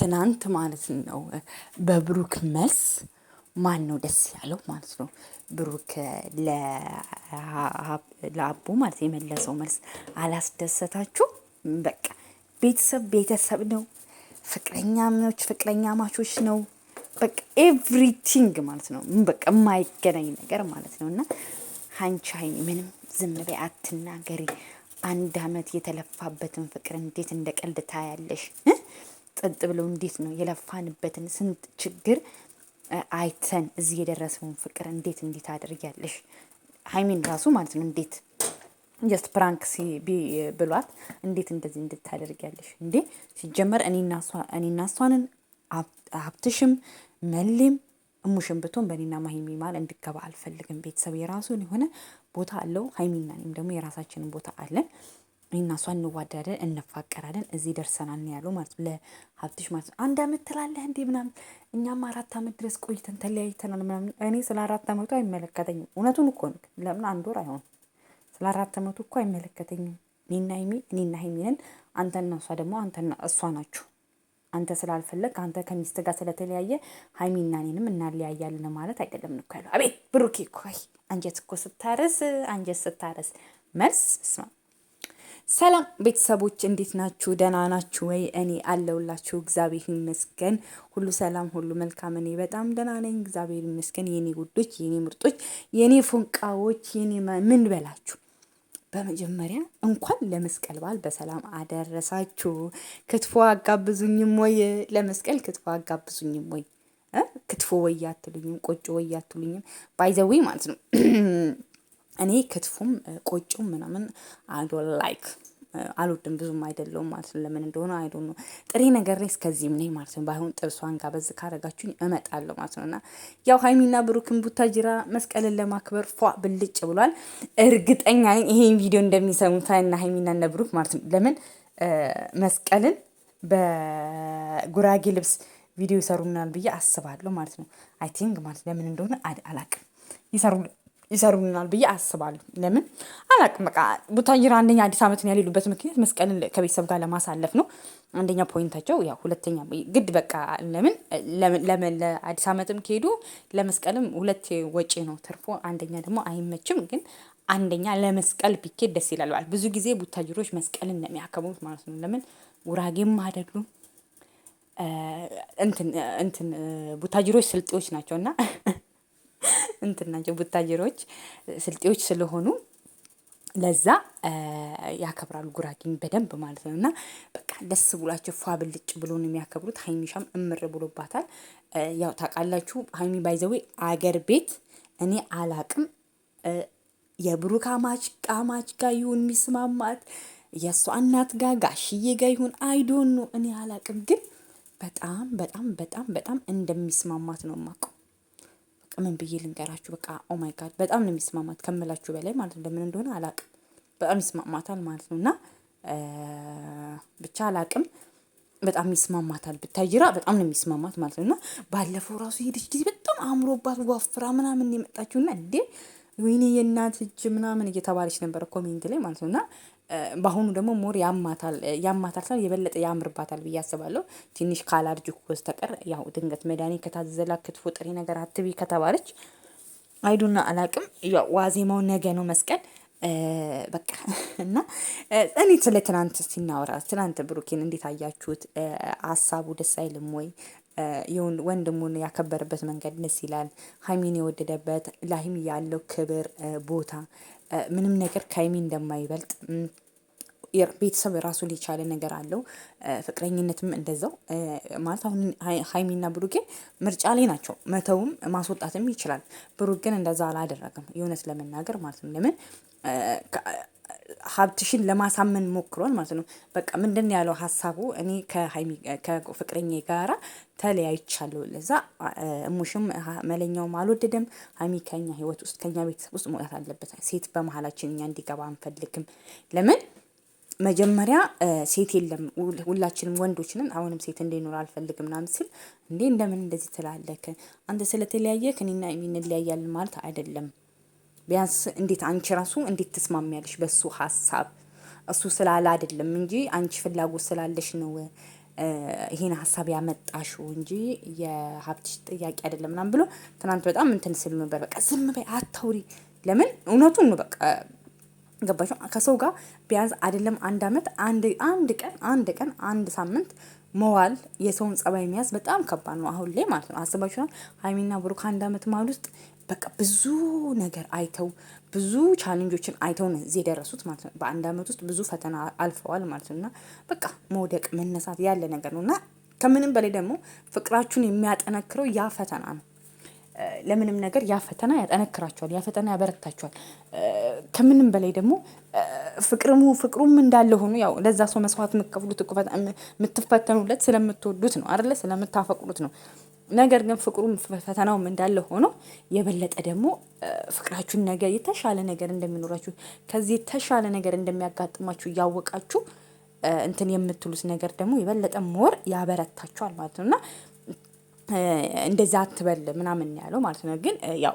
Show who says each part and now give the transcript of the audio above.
Speaker 1: ትናንት ማለት ነው በብሩክ መልስ ማን ነው ደስ ያለው ማለት ነው። ብሩክ ለአቦ ማለት የመለሰው መልስ አላስደሰታችሁ? በቃ ቤተሰብ ቤተሰብ ነው፣ ፍቅረኛሞች ፍቅረኛ ማቾች ነው። በቃ ኤቭሪቲንግ ማለት ነው። በቃ የማይገናኝ ነገር ማለት ነው። እና ሀንቺ ሀይሚ ምንም ዝም በይ አትናገሪ። አንድ አመት የተለፋበትን ፍቅር እንዴት እንደ ቀልድ ታያለሽ? ጥጥ ብለው እንዴት ነው የለፋንበትን ስንት ችግር አይተን እዚህ የደረሰውን ፍቅር እንዴት እንዴት አድርጊያለሽ ሀይሚን ራሱ ማለት ነው እንዴት ጀስት ፕራንክ ብሏት እንዴት እንደዚህ እንድታደርጊያለሽ እንዴ? ሲጀመር እኔና እሷንን ሀብትሽም መሌም እሙሽን ብትሆን በእኔና ማሂሚ ማል እንድገባ አልፈልግም። ቤተሰብ የራሱን የሆነ ቦታ አለው። ሀይሚና እኔም ደግሞ የራሳችንን ቦታ አለን። እኔና እሷ እንዋደዳለን፣ እንፋቀራለን፣ እዚህ ደርሰናል ያሉ ማለት ነው ለሀብትሽ ማለት ነው። አንድ አመት ትላለህ እንዴ ምናምን፣ እኛም አራት አመት ድረስ ቆይተን ተለያይተናል ምናምን። እኔ ስለ አራት አመቱ አይመለከተኝም። እውነቱን እኮ ነው። ለምን አንድ ወር አይሆን ስለ አራት አመቱ እኮ አይመለከተኝም። እኔና ሀይሚ እኔና ሀይሚንን አንተና እሷ ደግሞ አንተና እሷ ናችሁ። አንተ ስላልፈለግ አንተ ከሚስት ጋር ስለተለያየ ሀይሚና እኔንም እናለያያለን ማለት አይደለም እኮ ያለው። አቤት ብሩኬ፣ አንጀት እኮ ስታረስ አንጀት ስታረስ መልስ ስማ ሰላም ቤተሰቦች እንዴት ናችሁ? ደህና ናችሁ ወይ? እኔ አለውላችሁ። እግዚአብሔር ይመስገን፣ ሁሉ ሰላም፣ ሁሉ መልካም። እኔ በጣም ደህና ነኝ፣ እግዚአብሔር ይመስገን። የኔ ጉዶች፣ የኔ ምርጦች፣ የኔ ፎንቃዎች፣ የኔ ምን በላችሁ። በመጀመሪያ እንኳን ለመስቀል በዓል በሰላም አደረሳችሁ። ክትፎ አጋብዙኝም ወይ? ለመስቀል ክትፎ አጋብዙኝም ወይ? ክትፎ ወይ አትሉኝም፣ ቆጮ ወይ አትሉኝም። ማለት ነው እኔ ክትፉም ቆጮም ምናምን አዶ ላይክ አልወድም ብዙም አይደለውም ማለት ነው። ለምን እንደሆነ አይዶ ነው ጥሬ ነገር ላይ እስከዚህም ነኝ ማለት ነው። ባይሆን ጥብሷን ጋበዝ ካረጋችሁኝ እመጣለሁ ማለት ነው። እና ያው ሀይሚና ብሩክን ቡታጅራ መስቀልን ለማክበር ፏ ብልጭ ብሏል። እርግጠኛ ነኝ ይሄን ቪዲዮ እንደሚሰሙት እና ሀይሚና እነ ብሩክ ማለት ነው። ለምን መስቀልን በጉራጌ ልብስ ቪዲዮ ይሰሩናል ብዬ አስባለሁ ማለት ነው። አይ ቲንክ ማለት ለምን እንደሆነ አላቅም ይሰሩ ይሰሩልናል ብዬ አስባለሁ። ለምን አላቅም። በቃ ቡታጅራ አንደኛ አዲስ ዓመትን ያሌሉበት ምክንያት መስቀልን ከቤተሰብ ጋር ለማሳለፍ ነው። አንደኛ ፖይንታቸው ያው፣ ሁለተኛ ግድ በቃ ለምን ለምን ለአዲስ ዓመትም ከሄዱ ለመስቀልም ሁለት ወጪ ነው ትርፎ፣ አንደኛ ደግሞ አይመችም። ግን አንደኛ ለመስቀል ቢኬድ ደስ ይላል። ብዙ ጊዜ ቡታጅሮች መስቀልን ለሚያከብሩት ማለት ነው። ለምን ጉራጌም አይደሉም እንትን ቡታጅሮች ስልጤዎች ናቸው እና እንትን ናቸው ስልጤዎች ስለሆኑ ለዛ ያከብራሉ ጉራጌን በደንብ ማለት ነው። እና በቃ ደስ ብሏቸው ፏ ብልጭ ብሎ ነው የሚያከብሩት። ሀይሚሻም እምር ብሎባታል። ያው ታውቃላችሁ ሀይሚ ባይዘዌ አገር ቤት እኔ አላቅም የብሩክ አማች ቃማች ጋር ይሁን የሚስማማት የእሷ እናት ጋ ጋሽዬ ጋ ይሁን አይዶን ነው እኔ አላቅም፣ ግን በጣም በጣም በጣም በጣም እንደሚስማማት ነው የማውቀው። በቃ ምን ብዬ ልንገራችሁ። በቃ ኦ ማይ ጋድ በጣም ነው የሚስማማት ከምላችሁ በላይ ማለት ነው። ለምን እንደሆነ አላቅም፣ በጣም ይስማማታል ማለት ነው። እና ብቻ አላቅም በጣም ይስማማታል። ብታይራ በጣም ነው የሚስማማት ማለት ነው። እና ባለፈው ራሱ ሄደች ጊዜ በጣም አእምሮባት ወፍራ ምናምን የመጣችሁና እንዴ ወይኔ የእናት እጅ ምናምን እየተባለች ነበረ ኮሜንት ላይ ማለት ነው እና በአሁኑ ደግሞ ሞር ያማታል ሳል የበለጠ ያምርባታል ብዬ አስባለሁ። ትንሽ ከአላርጂክ በስተቀር ያው ድንገት መድኃኒት ከታዘዘላ ክትፎ ጥሬ ነገር አትቢ ከተባለች አይዱና አላቅም። ያው ዋዜማው ነገ ነው መስቀል በቃ እና እኔ ስለ ትናንት ሲናወራ ትናንት ብሩኬን እንዴት አያችሁት? ሀሳቡ ደስ አይልም ወይ? ወንድሙን ያከበረበት መንገድ ደስ ይላል። ሀይሚን የወደደበት ለሀይሚ ያለው ክብር ቦታ ምንም ነገር ከሀይሚ እንደማይበልጥ ቤተሰብ ራሱን የቻለ ነገር አለው። ፍቅረኝነትም እንደዛው ማለት አሁን ሀይሚና ብሩኬ ምርጫ ላይ ናቸው። መተውም ማስወጣትም ይችላል። ብሩክ ግን እንደዛ አላደረግም የእውነት ለመናገር ማለት ነው። ለምን ሀብትሽን ለማሳመን ሞክሯል ማለት ነው። በቃ ምንድን ያለው ሀሳቡ እኔ ከሀይሚ ከፍቅረኛ ጋራ ተለያይቻለሁ። ለዛ እሙሽም መለኛውም አልወደደም። ሀይሚ ከኛ ህይወት ውስጥ ከኛ ቤተሰብ ውስጥ መውጣት አለበት። ሴት በመሀላችን እኛ እንዲገባ አንፈልግም። ለምን መጀመሪያ ሴት የለም ሁላችንም ወንዶች ነን። አሁንም ሴት እንዲኖር አልፈልግም ምናምን ሲል እንዴ እንደምን እንደዚህ ትላለህ? አንተ ስለተለያየህ እኔና እንለያያለን ማለት አይደለም። ቢያንስ እንዴት አንቺ ራሱ እንዴት ትስማሚያለሽ በሱ ሀሳብ? እሱ ስላለ አይደለም እንጂ አንቺ ፍላጎት ስላለሽ ነው ይሄን ሀሳብ ያመጣሽው እንጂ የሀብትሽ ጥያቄ አይደለም ምናምን ብሎ ትናንት በጣም እንትን ስል ነበር። በቃ ዝም በይ አታውሪ። ለምን እውነቱን ነው በቃ ገባችሁ? ከሰው ጋር ቢያንስ አይደለም አንድ አመት አንድ አንድ ቀን አንድ ቀን አንድ ሳምንት መዋል የሰውን ጸባይ መያዝ በጣም ከባድ ነው፣ አሁን ላይ ማለት ነው። አስባችኋል? ሀይሚና ብሩክ አንድ አመት መሀል ውስጥ በቃ ብዙ ነገር አይተው ብዙ ቻሌንጆችን አይተው ነው እዚህ የደረሱት ማለት ነው። በአንድ አመት ውስጥ ብዙ ፈተና አልፈዋል ማለት ነው። እና በቃ መውደቅ መነሳት ያለ ነገር ነው እና ከምንም በላይ ደግሞ ፍቅራችሁን የሚያጠነክረው ያ ፈተና ነው። ለምንም ነገር ያ ፈተና ያጠነክራቸዋል፣ ያ ፈተና ያበረታቸዋል። ከምንም በላይ ደግሞ ፍቅርሙ ፍቅሩም እንዳለ ሆኖ ያው ለዛ ሰው መስዋዕት የምትከፍሉት የምትፈተኑለት ስለምትወዱት ነው አይደለ? ስለምታፈቅሩት ነው። ነገር ግን ፍቅሩም ፈተናውም እንዳለ ሆኖ የበለጠ ደግሞ ፍቅራችሁን ነገር የተሻለ ነገር እንደሚኖራችሁ ከዚህ የተሻለ ነገር እንደሚያጋጥማችሁ እያወቃችሁ እንትን የምትሉት ነገር ደግሞ የበለጠ ሞር ያበረታችኋል ማለት ነው እና እንደዛ አትበል ምናምን ያለው ማለት ነው። ግን ያው